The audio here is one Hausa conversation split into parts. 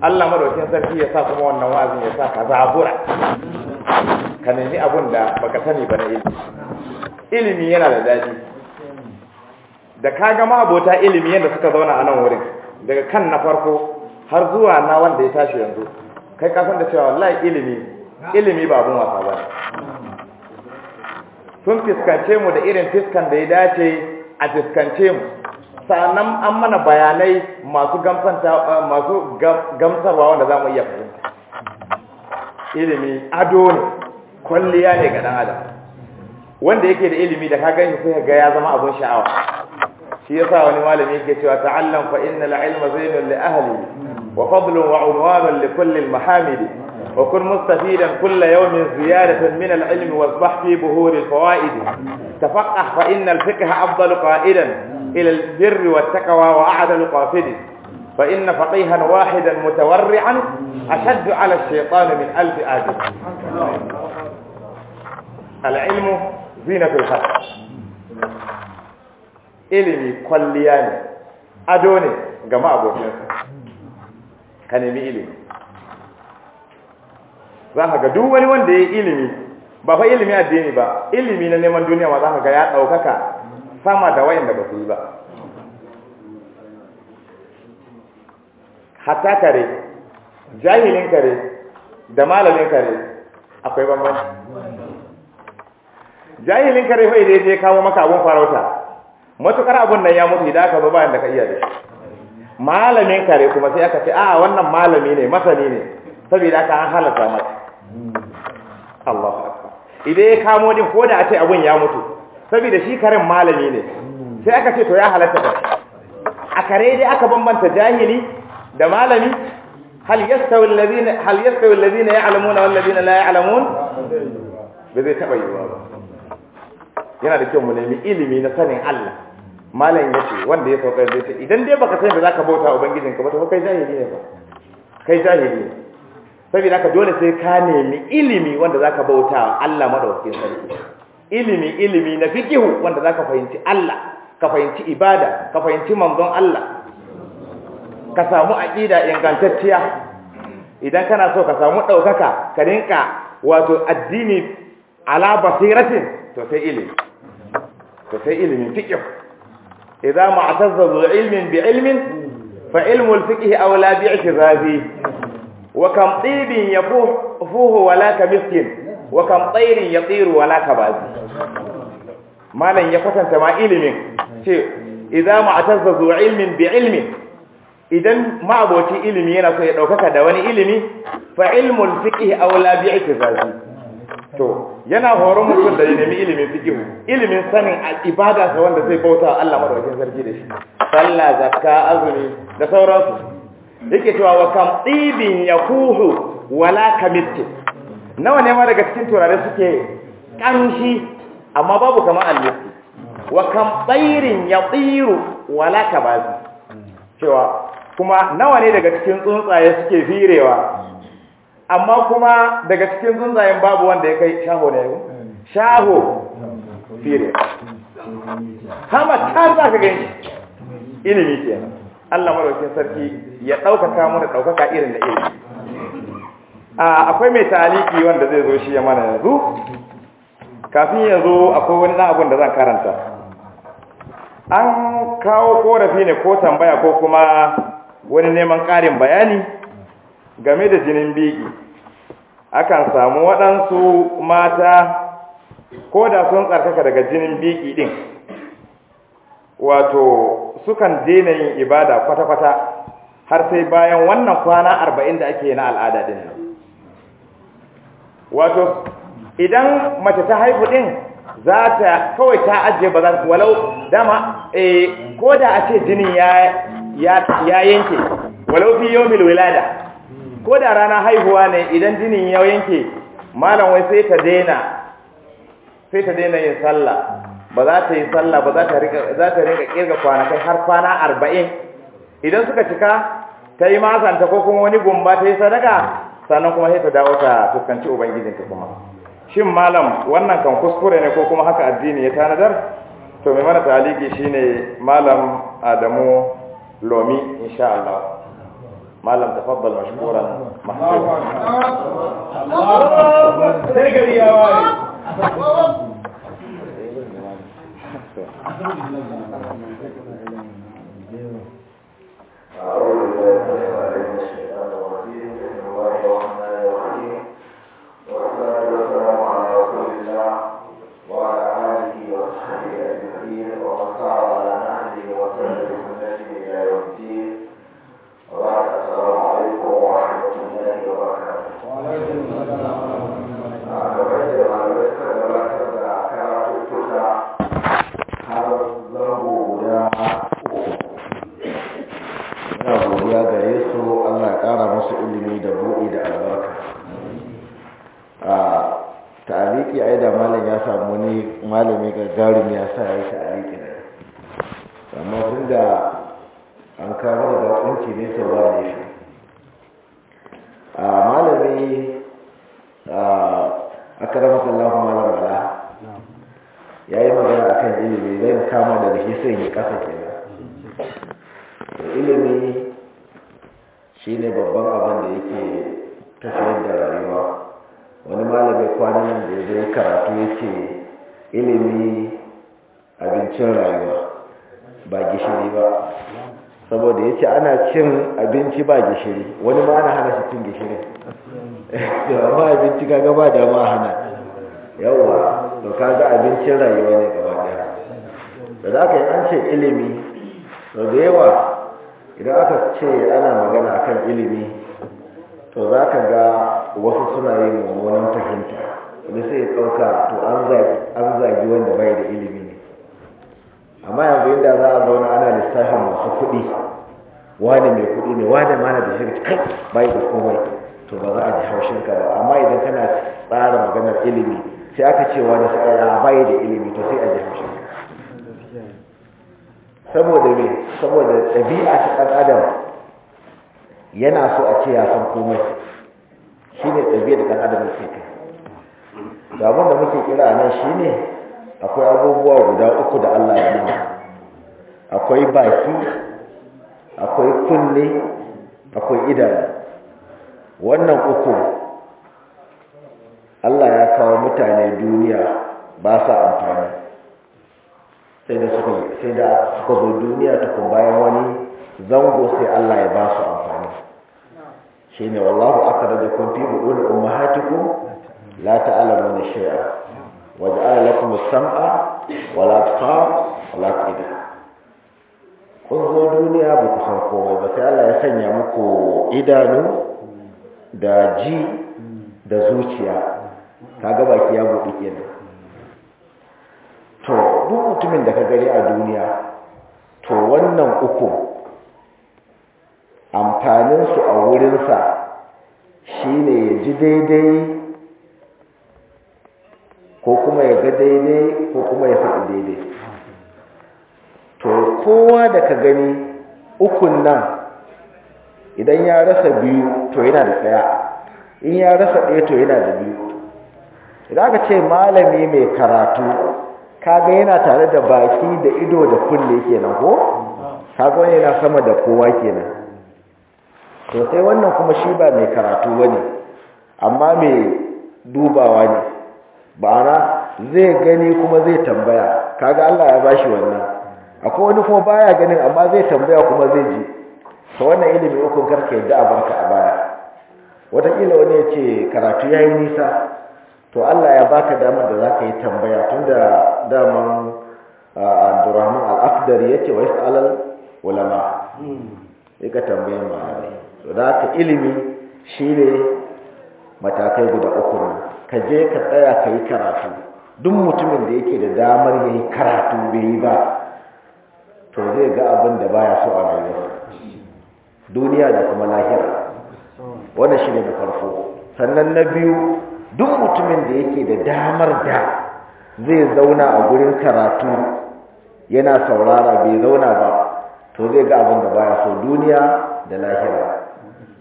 Allah madaukin sarki ya sa kuma wannan wa'azin ya sa ka zabura ka nemi abun da baka sani ba na ilimi ilimi yana da daji. da ka ga mabota ilimi yadda suka zauna a nan wurin daga kan na farko har zuwa na wanda ya tashi yanzu kai kasan da cewa wallahi ilimi ilimi ba abun wasa ba sun fiskance mu da irin fiskan da ya dace a fiskance mu sannan an mana bayanai masu masu gamsarwa wanda za mu iya fahimta ilimi ado ne kwalliya ne ga adam wanda yake da ilimi da ka ganshi sai ga ya zama abun sha'awa shi yasa wani malami yake cewa ta'allam fa innal ilma zainun li ahli wa fadlun wa unwanun li kulli al-mahamidi wa kun mustafidan kulla yawmin ziyadatan min al-ilmi wasbah fi buhur al-fawaid tafaqqah fa innal fiqha afdalu qa'idan إلى البر والتقوى وأعدل قاصد فإن فقيها واحدا متورعا أشد على الشيطان من ألف آجل العلم زينة الحق ilimi kwalliya ne ado ne ga ma'abokinsa ka nemi ilimi za ka ga duk wani wanda ya yi ilimi ba fa ilimi addini ba ilimi na neman duniya ma za ga ya ɗaukaka sama da wayanda ba su yi ba hatta kare jahilin kare da malamin kare akwai bambanci jahilin kare fa idan je kawo maka abun farauta matukar abun nan ya mutu idan aka zo bayan da ka iya da malamin kare kuma sai aka ce a wannan malami ne masani ne saboda aka an halata masa Allah idan ya kamo din ko da a ce abun ya mutu saboda shi karen malami ne sai aka ce to ya halatta ba a kare dai aka bambanta jahili da malami hal yastawi alladhina hal yastawi alladhina ya'lamuna wal ladina la ya'lamun ba zai taba yiwa ba yana da kyau mu nemi ilimi na sanin Allah Malami malam ce, wanda ya sauka zai ce idan dai baka san da zaka bauta ka ba to kai jahili ne ba kai jahili ne saboda ka dole sai ka nemi ilimi wanda zaka bauta Allah madaukakin sarki ilimi ilimi na fikihu wanda zaka fahimci Allah ka fahimci ibada ka fahimci manzon Allah ka samu aqida ingantacciya idan kana so ka samu daukaka ka rinka wato addini ala basiratin to sai ilimi to sai ilimi fikihu idza ma'tazza ilmin bi ilmin fa ilmu al-fiqh awla bi'tirazi wa kam tibin yafuhu wala ka miskin wa kam tsairin ya tsiru wala kabazi malam ya kwatanta ma ilimin ce idza ma'tazza zu ilimin bi ilmin idan ma'aboci ilimi yana so ya daukaka da wani ilimi fa ilmul fiqh awla bi i'tizazi to yana horon mutum da ya nemi ilimin fiqh ilimin sanin ibada sa wanda zai bauta Allah madaukakin sarki da shi sallah zakka azumi da sauransu yake cewa wa kam tibin yakuhu wala kamitti nawa ne ma daga cikin turare suke ƙamshi amma babu kamar almiski wa kan tsairin ya tsiru wala ka bazi cewa kuma nawa ne daga cikin tsuntsaye suke firewa amma kuma daga cikin tsuntsayen babu wanda ya kai shaho ne yau shaho fire kama ta za ka gani ilimi kenan Allah madaukakin sarki ya ɗaukaka mu da ɗaukaka irin da ilimi akwai mai taliki wanda zai zo shi ya mana yanzu kafin ya akwai wani abun da zan karanta an kawo korafi ne ko tambaya ko kuma wani neman karin bayani game da jinin biki akan samu waɗansu mata ko da sun tsarkaka daga jinin biki ɗin wato sukan daina yin ibada kwata-kwata har sai bayan wannan kwana arba'in da ake na al'ada din nan wato idan mace ta haifu din za ta kawai ta ajiye ba za ta walau dama eh, ko da a ce jinin ya yanke walau fi yau mil wilada ko da rana haihuwa ne idan jinin ya yanke malam wai sai ta daina sai ta daina yin sallah ba za ta yi sallah ba za ta rinka kirga kwanakai har kwana arba'in idan suka cika ta yi masanta ko kuma wani gumba ta yi sadaka sannan kuma sai ta dawo ta fuskanci ubangijinta kuma shin malam wannan kan kuskure ne ko kuma haka addini ya tanadar to mai mana taliki shine malam adamu lomi insha Allah malam tafaddal mashkuran Allah ta'aliki ai da malam ya samu ne malami gagarin ya sa ya yi ta'aliki ne amma tun da an kawo da kunci ne ne shi a malami a karamata malam ala ya yi magana a kan ilimi zai kama da rike sai yi kasa ke ilimi shi ne babban abin da yake tafiyar da rayuwa wani malami kwanan da ya zai karatu ya ce ilimi abincin rayuwa ba gishiri ba saboda ya ce ana cin abinci ba gishiri wani ma ana hana shi cin gishiri amma abinci kaga ba ma hana yawwa to kaga abincin rayuwa ne gaba yawa. da za ka yi an ce ilimi to da yawa idan aka ce ana magana akan ilimi to za ka ga wasu suna yin mummunan fahimta wani sai ya ɗauka to an zagi wanda bai da ilimi ne amma yanzu inda za a zauna ana lissafin masu kuɗi wani mai kuɗi ne wani mana da shirka kai bai da komai to ba za a ji haushin ka ba amma idan kana tsara maganar ilimi sai aka ce wani sa'a bai da ilimi to sai a ji ka saboda me saboda ɗabi'a ta ɗan adam yana so a ce ya san komai tafiya da ɗan adam kai da da muke kira nan ne akwai abubuwa guda uku da Allah ya nuna akwai baki akwai kunne akwai idanu wannan uku Allah ya kawo mutane duniya ba sa amfani sai da suka zo duniya tukun bayan wani zango sai Allah ya ba su amfani shine wallahu akhrajakum fi bu'ul ummahatikum la ta'lamuna shay'a waja'ala lakum as-sam'a wal absar wal afida kun zo duniya ba ku san komai ba sai Allah ya sanya muku idanu da ji da zuciya kaga baki ya buɗe kenan to duk mutumin da ka gari a duniya to wannan uku amfaninsu a wurinsa shine ya ji daidai ko kuma ya ga daidai ko kuma ya faɗi daidai to kowa da ka gani ukun nan idan ya rasa biyu to yana da ɗaya in ya rasa ɗaya to yana da biyu idan aka ce malami mai karatu kaga yana tare da baki da ido da kunne kenan ko kaga yana sama da kowa kenan to sai wannan kuma shi ba mai karatu ba ne amma mai dubawa ne ba'ana zai gani kuma zai tambaya kaga Allah ya bashi wannan akwai wani kuma baya ganin amma zai tambaya kuma zai ji to wannan ilimi ukun karka yadda a barka a baya wataƙila wani ya ce karatu ya yi nisa to Allah ya baka damar da zaka yi tambaya tunda daman Abdurrahman al aqdari ya wa yas'alal ulama ya hmm. ka tambayin malamai to da ka ilimi ne, matakai guda uku ne ka je ka tsaya ka yi karatu duk mutumin da yake da damar ya yi karatu bai yi ba to zai ga abin da baya so a rayuwa duniya da kuma lahira wannan shine da farko sannan na biyu duk mutumin da yake da damar da zai zauna a gurin karatu yana saurara bai zauna ba to zai ga abin da baya so duniya da lahira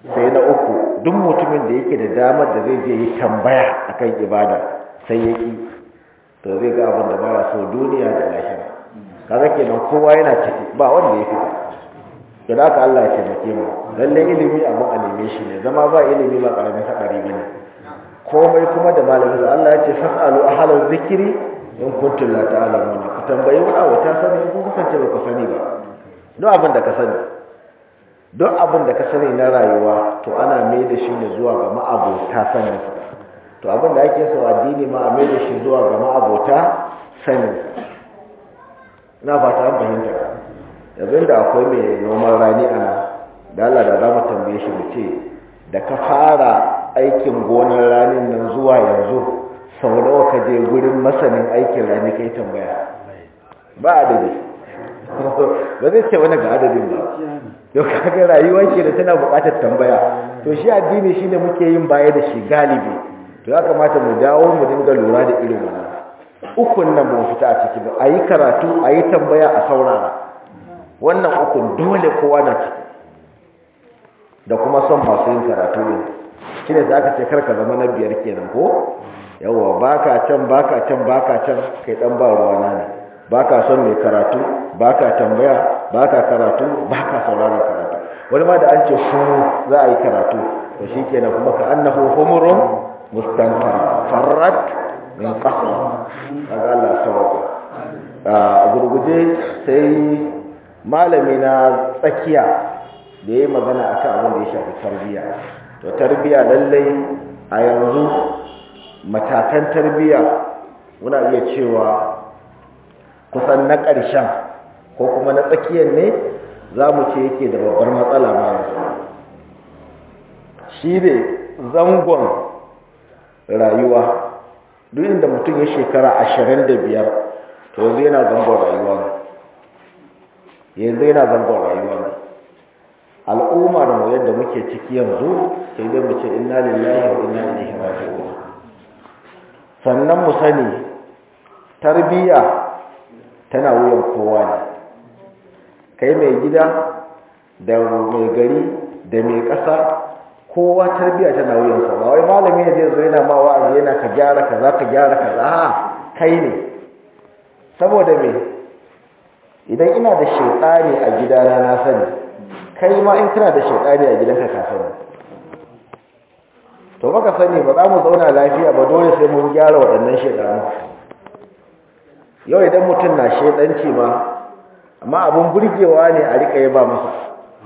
sai na uku duk mutumin da yake da damar da zai je yi tambaya kan ibada sai ya ki to zai ga abin da ba ya so duniya da lahira ke nan kowa yana ciki ba wanda ya fita idan aka Allah ya taimake mu lalle ilimi abin a neme shi ne zama ba ilimi ba karamin hadari bane komai kuma da malamin Allah ya ce fasalu ahlal zikri in kuntum la ta'lamuna ku tambayi wa ta sani in kasance ba ku sani ba duk abin da ka sani don abin da ka sani na rayuwa to ana mai da shi ne zuwa ga ma'abota sanin to abin da ake so addini ma a mai da shi zuwa ga ma'abota sanin na fata an fahimta yanzu da akwai mai noman rani a nan da Allah da za mu tambaye shi mu ce da ka fara aikin gonar ranin nan zuwa yanzu sau nawa ka je gurin masanin aikin rani kai tambaya ba adadi ba zai ce wani ga adadin ba to kaga rayuwa ce da tana bukatar tambaya to shi addini shine muke yin baya da shi galibi to ya kamata mu dawo mu dinga lura da irin wannan ukun nan mu fita a ciki ba ayi karatu ayi tambaya a saurara wannan ukun dole kowa na ciki da kuma son masu yin karatu ne shine za ka ce karka zama na biyar kenan ko yawa baka can baka can baka can kai dan ba ruwana ne baka son mai karatu baka tambaya baka karatu baka ka sauraron karatu wani ma da an ce shuru za a yi karatu to shi kenan kuma ka annahu humurun mustankara farrat min qasr kaga Allah sauka a gurguje sai malami na tsakiya da yayi magana akan abin da ya shafi tarbiyya to tarbiyya lallai a yanzu matakan tarbiyya muna iya cewa kusan na ƙarshen ko kuma na tsakiyar ne za mu ce yake da babbar matsala bayan shi ne zangon rayuwa duk inda mutum ya shekara ashirin da biyar to yanzu yana zangon rayuwa ne yanzu yana zangon rayuwa ne al'ummar mu yadda muke ciki yanzu sai dai mu ce inna lillahi wa inna ilaihi raji'un sannan mu sani tarbiyya tana wuyan kowa ne kai mai gida da mai gari da mai ƙasa kowa tarbiya tana wuyan ba wai malami ne zai zo yana ma wa'azi yana ka gyara kaza ka gyara kaza a kai ne saboda me idan ina da shaitani a gidana na sani kai ma in tana da shaitani a gidanka ka sani to baka sani ba za mu zauna lafiya ba dole sai mun gyara waɗannan shaitanu yau idan mutum na shaidanci ma amma abin burgewa ne a rika yaba masa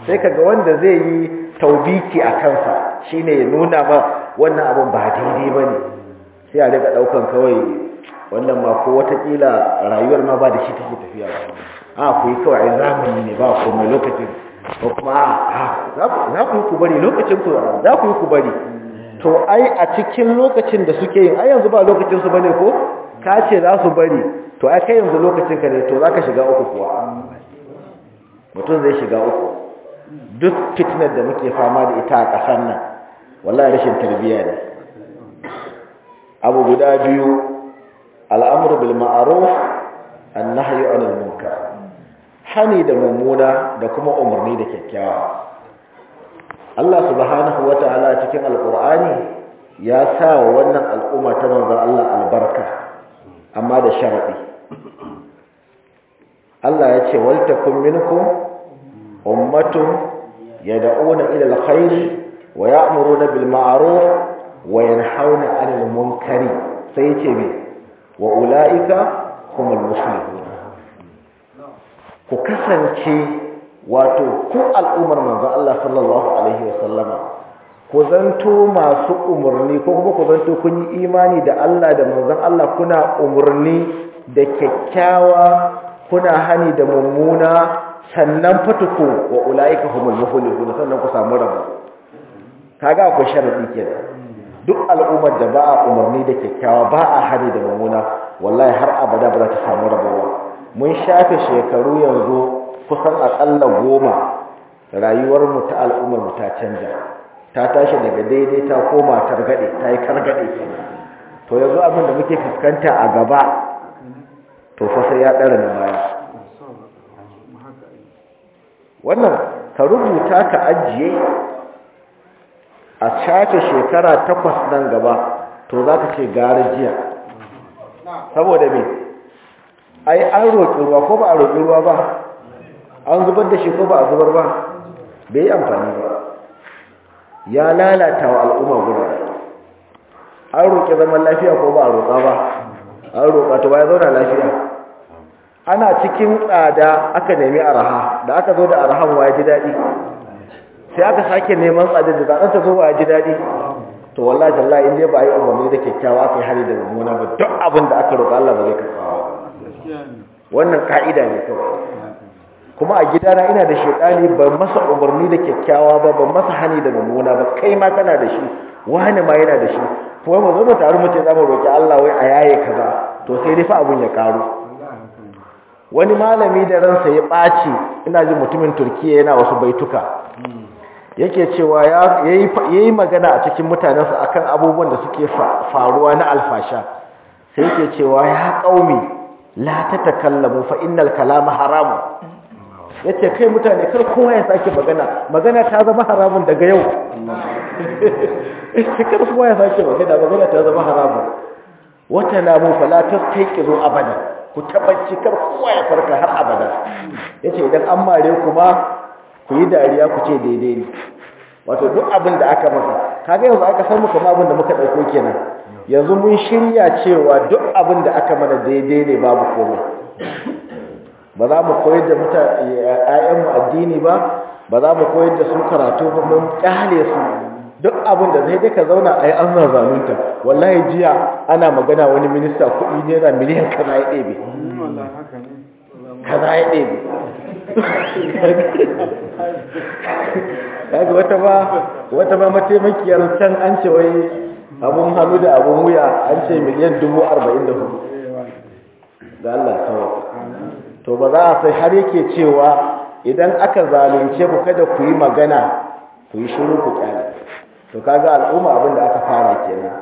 sai kaga wanda zai yi taubiki a kansa shine ya nuna ba wannan abin ba daidai ba ne, sai a rika daukan kawai wannan ma ko watakila rayuwar ma ba da shi take tafiya ba a ku yi kawai zamani ne ba mai lokacin ko kuma za ku yi ku bari lokacin ku za ku yi ku bari to ai a cikin lokacin da suke yin ai yanzu ba lokacin su bane ko ka ce za su bari to ai kai yanzu lokacin ka ne to zaka shiga uku kuwa mutum zai shiga uku duk fitnar da muke fama da ita a ƙasar nan wallahi rashin tarbiyya ne abu guda biyu al'amru bil ma'ruf annahyu 'anil munkar hani da mummuna da kuma umarni da kyakkyawa Allah subhanahu wata'ala cikin alqur'ani ya sa wa wannan al'umma ta manzon Allah albarka amma da sharadi Allah ya ce waltakum minkum ummatun yad'una ila alkhairi wa ya'muruna bil ma'ruf wa yanhauna 'anil munkari sai ya ce me wa ulaika humul muflihun ku kasance wato ku al'ummar manzo Allah sallallahu alaihi wa sallama ku zanto masu umarni ko kuma ku zanto kun yi imani da Allah da manzon Allah kuna umarni da kyakkyawa kuna hani da mummuna sannan fatuku wa ulaika humul muflihun sannan ku samu rabo kaga akwai sharadi kenan duk al'ummar da ba a umarni da kyakkyawa ba a hani da mummuna wallahi har abada ba za ta samu ba mun shafe shekaru yanzu kusan akalla goma rayuwar mu ta al'ummar mu ta canja ta tashi daga daidai ta koma targade ta yi kargade to yanzu abin da muke fuskanta a gaba to fasa ya ɗara na baya wannan ka rubuta ka ajiye a shafe shekara takwas nan gaba to za ka ce gara jiya saboda me ai an roƙi ruwa ko ba a roƙi ruwa ba an zubar da shi ko ba a zubar ba bai yi amfani ba ya lalata wa al'umma guda. an roƙi zaman lafiya ko ba a roƙa ba an roƙa to ya zauna lafiya ana cikin tsada aka nemi araha da aka zo da arahan wa ji daɗi sai aka sake neman tsada da zaɗan ta zo wa ji daɗi to wallahi Allah in dai ba a yi umarni da kyakkyawa kai hari da mummuna ba duk abin da aka roƙa Allah ba zai karɓa wannan ka'ida ne kawai kuma a gidana ina da shekani ba masa umarni da kyakkyawa ba ba masa hani da mummuna ba kai ma kana da shi wani ma yana da shi kuma mu zo mu taru mu ce zamu roki Allah wai a yaye kaza to sai dai fa abun ya karu wani malami da ransa ya ɓaci ina jin mutumin Turkiya yana wasu baituka yake cewa ya yi magana a cikin mutanensa akan abubuwan da suke faruwa na alfasha sai yake cewa ya kaumi la tatakallamu fa innal kalama haramun ya ce kai mutane kar kowa ya sake magana magana ta zama haramun daga yau kar kowa ya sake magana magana ta zama haramun wata na mu kai taiki zo abada ku tabbaci kar kowa ya farka har abada ya ce idan an mare kuma ku yi dariya ku ce daidai ne wato duk abin da aka masa kaga yanzu aka san muka abin da muka ɗauko kenan yanzu mun shirya cewa duk abin da aka mana daidai ne babu komai ba za mu koyar da ‘ya'yanmu addini ba ba za mu koyar da su karatu ba mun kyale su duk abin da zai duka ka zauna a yi an zalunta wallahi jiya ana magana wani minista kuɗi naira miliyan kaza ya ɗebe kaza ya ɗebe kaga wata ba wata ba mataimakiyar can an ce wai abun hannu da abun wuya an ce miliyan dubu arba'in da hudu ga Allah sauwa to ba za a sai har yake cewa idan aka zalunce ku kada ku yi magana ku yi shiru ku kyale to kaga al'umma abin da aka fara kenan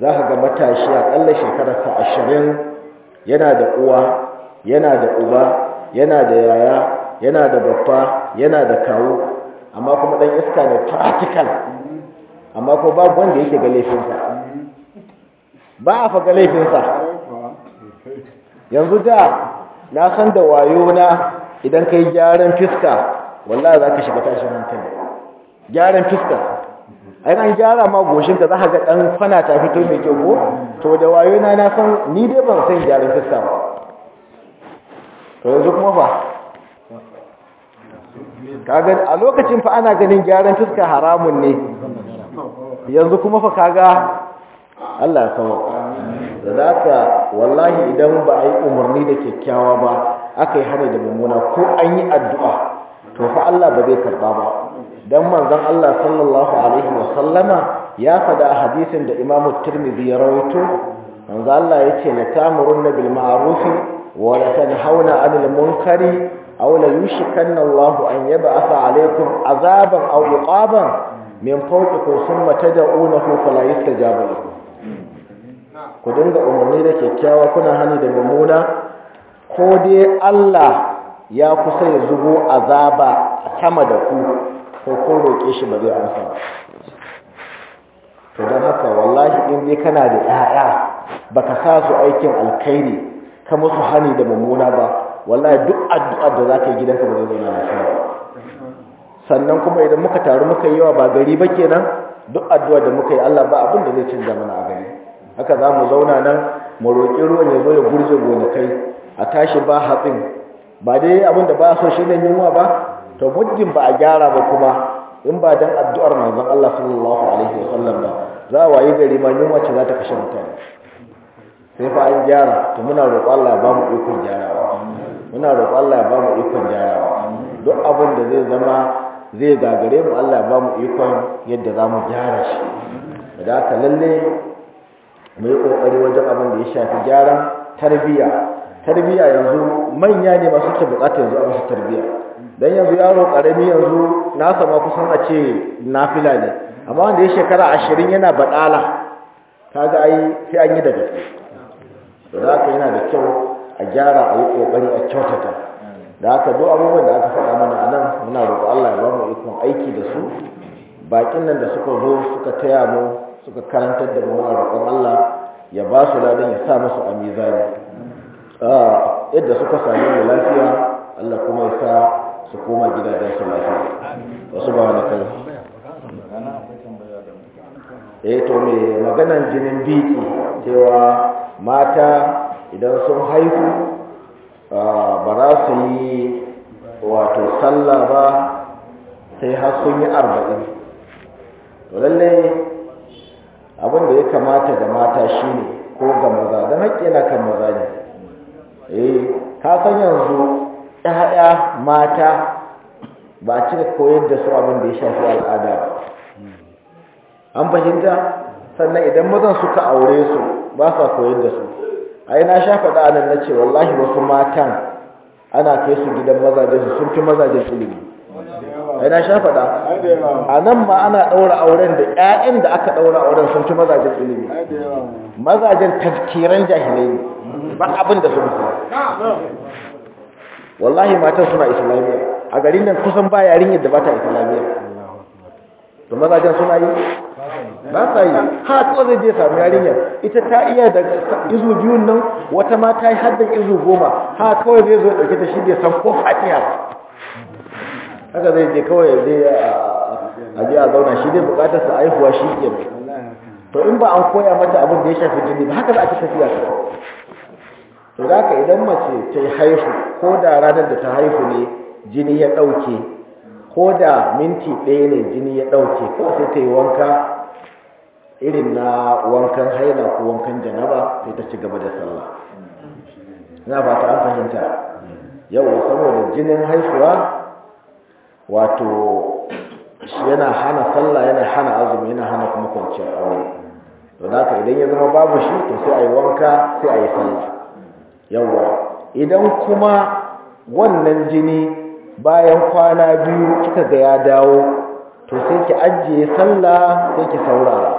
za ka ga matashi a shekarar shekararsa ashirin yana da uwa yana da uba yana da yaya yana da babba yana da kawo amma kuma dan iska ne practical amma ko babu wanda yake ga laifinsa ba a faga laifinsa yanzu da na san da wayo na idan kai gyaran fiska wallahi za ka shiga tashin hankali gyaran fiska ai an gyara ma goshinka za ka ga dan fana ta fito mai kyau ko to da wayo na na san ni dai ban san gyaran fiska ba to yanzu kuma fa kaga a lokacin fa ana ganin gyaran fiska haramun ne yanzu kuma fa kaga Allah ya sauka da za ka wallahi idan ba a yi umarni da kyakkyawa ba aka yi hana da mummuna ko an yi addu'a to fa Allah ba zai karba ba dan manzon Allah sallallahu alaihi wa sallama ya faɗa a hadisin da Imam Tirmidhi ya rawaito manzo Allah yace la tamurunna bil ma'ruf wa la tanhauna 'anil munkari aw la yushkanna Allah an yab'atha 'alaykum 'azaban aw iqaban min fawqikum thumma tad'unahu fala yastajabu lakum ku dinga umarni da kyakkyawa kuna hani da mummuna ko dai Allah ya kusa ya zubo azaba sama da ku ko kun roƙe shi ba zai amsa ba to don haka wallahi in dai kana da 'ya'ya baka sa su aikin alkhairi ka musu hani da mummuna ba wallahi duk addu'a da zaka yi gidanka ba zai zauna lafiya sannan kuma idan muka taru muka yi yawa ba gari ba kenan duk addua da muka yi Allah ba abin da zai canza mana a gari haka za mu zauna nan mu roƙi ruwan ya zo ya burge gonakai a tashi ba hatsin ba dai abin da ba so shi ne yunwa ba to muddin ba a gyara ba kuma in ba dan addu'ar manzon Allah sallallahu alaihi wasallam ba za a wayi gari ma yunwa ce za ta kashe mutane sai fa an gyara to muna roƙo Allah ya ba mu ikon gyarawa muna roƙo Allah ya ba mu ikon gyarawa duk abin da zai zama zai gagare mu Allah ya ba mu ikon yadda za mu gyara shi da haka lalle mu yi ƙoƙari wajen abin da ya shafi gyaran tarbiyya tarbiyya yanzu manya ne masu ke buƙatar yanzu a masu tarbiyya Don yanzu yaro ƙarami yanzu na sama kusan a ce nafila ne amma wanda ya shekara ashirin yana baɗala kaga ai sai an yi da gaske da haka yana da kyau a gyara a yi ƙoƙari a kyautata da haka duk abubuwan da aka faɗa mana a nan muna roƙo Allah ya ba mu ikon aiki da su baƙin nan da suka zo suka taya mu suka karanta da mu roƙon Allah ya ba su ladan ya sa musu a mizani ah, yadda suka sami mu lafiya Allah kuma ya sa su koma gidajen su lafiya wasu ba wani eh to me maganan jinin biki cewa mata idan sun haihu ah, ba za su yi wato sallah ba sai har sun yi arba'in to lallai abin da ya kamata da mata shine ko ga maza da haƙƙi yana kan maza ne eh ka san yanzu ɗaya mata ba a cika koyar da su abin da ya shafi al'ada ba an fahimta sannan idan mazan suka aure su ba sa koyar da su ai na sha faɗa nan na ce wallahi wasu matan ana kai su gidan mazajen su sun fi mazajen ilimi ai na sha faɗa a nan ma ana ɗaura auren da ƴaƴan da aka ɗaura auren sun ci mazajen ilimi mazajen tafkiran jahilai ba abin da sun fi wallahi matan suna islamiyya a garin nan kusan ba yarin yadda ba ta islamiyya to mazajen suna yi ba sa yi ha kuwa zai je sami yarinyar ita ta iya da izu biyun nan wata ma ta yi haddan izu goma ha kawai zai zo ya ɗauke ta shi bai san ko fatiha haka zai je kawai ya je a ji a zauna shi dai bukatar sa aihuwa shi ke to in ba an koya mata abin da ya shafi jini ba haka za a ci tafiya ta to da ka idan mace ta yi haihu ko da ranar da ta haihu ne jini ya ɗauke ko da minti ɗaya ne jini ya ɗauke ko sai ta yi wanka irin na wankan haina ko wankan janaba sai ta ci gaba da sallah na fata an fahimta Yau saboda jinin haihuwa wato yana hana sallah yana hana azumi yana hana kuma kwanciyar aure to ka idan ya zama babu shi to sai a wanka sai a yi sallah yawwa idan kuma wannan jini bayan kwana biyu kika ga ya dawo to sai ki ajiye sallah sai ki saurara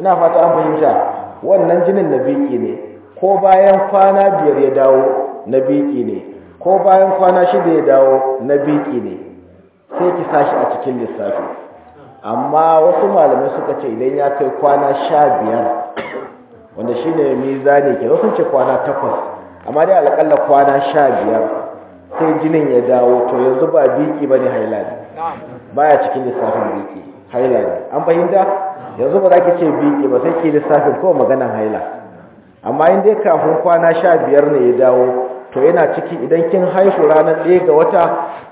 ina fata an fahimta wannan jinin na biki ne ko bayan kwana biyar ya dawo na biki ne ko bayan kwana shida ya dawo na biki ne sai ki sashi a cikin lissafi amma wasu malamai suka ce idan ya kai kwana sha biyar wanda shi ne mizani ke sun ce kwana takwas amma dai alƙalla kwana sha biyar sai jinin ya dawo to yanzu ba biki ba ne haila ne baya cikin lissafin biki haila ne an fahimta yanzu ba za ki ce biki ba sai ki lissafin ko maganan haila amma in dai kafin kwana sha biyar ne ya dawo to yana ciki idan kin haihu ranar ɗaya ga wata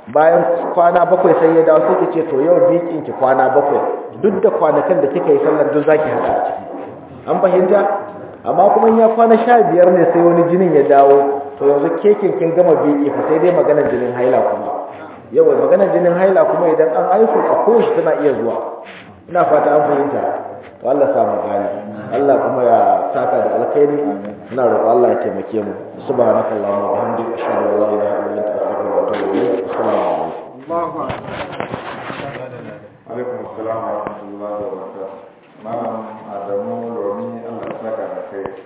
bayan kwana bakwai sai ya dawo sai ce to yau bikin ki kwana bakwai duk da kwanakan da kika yi sallar duk zaki haɗa a ciki an fahimta amma kuma ya kwana sha biyar ne sai wani jinin ya dawo to yanzu kekin kin gama biki fa sai dai maganar jinin haila kuma yawa maganar jinin haila kuma idan an haihu a kowace tana iya zuwa ina fata an fahimta to Allah sa mu gani Allah kuma ya saka da alkhairi ina roƙo Allah ya taimake mu subhanakallahumma wa bihamdika ashhadu an la ilaha illa anta astaghfiruka wa atubu ilayk assalamu alaikum Allahu akbar alaikum wa rahmatullahi wa barakatuh